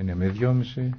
Είναι με δυόμιση.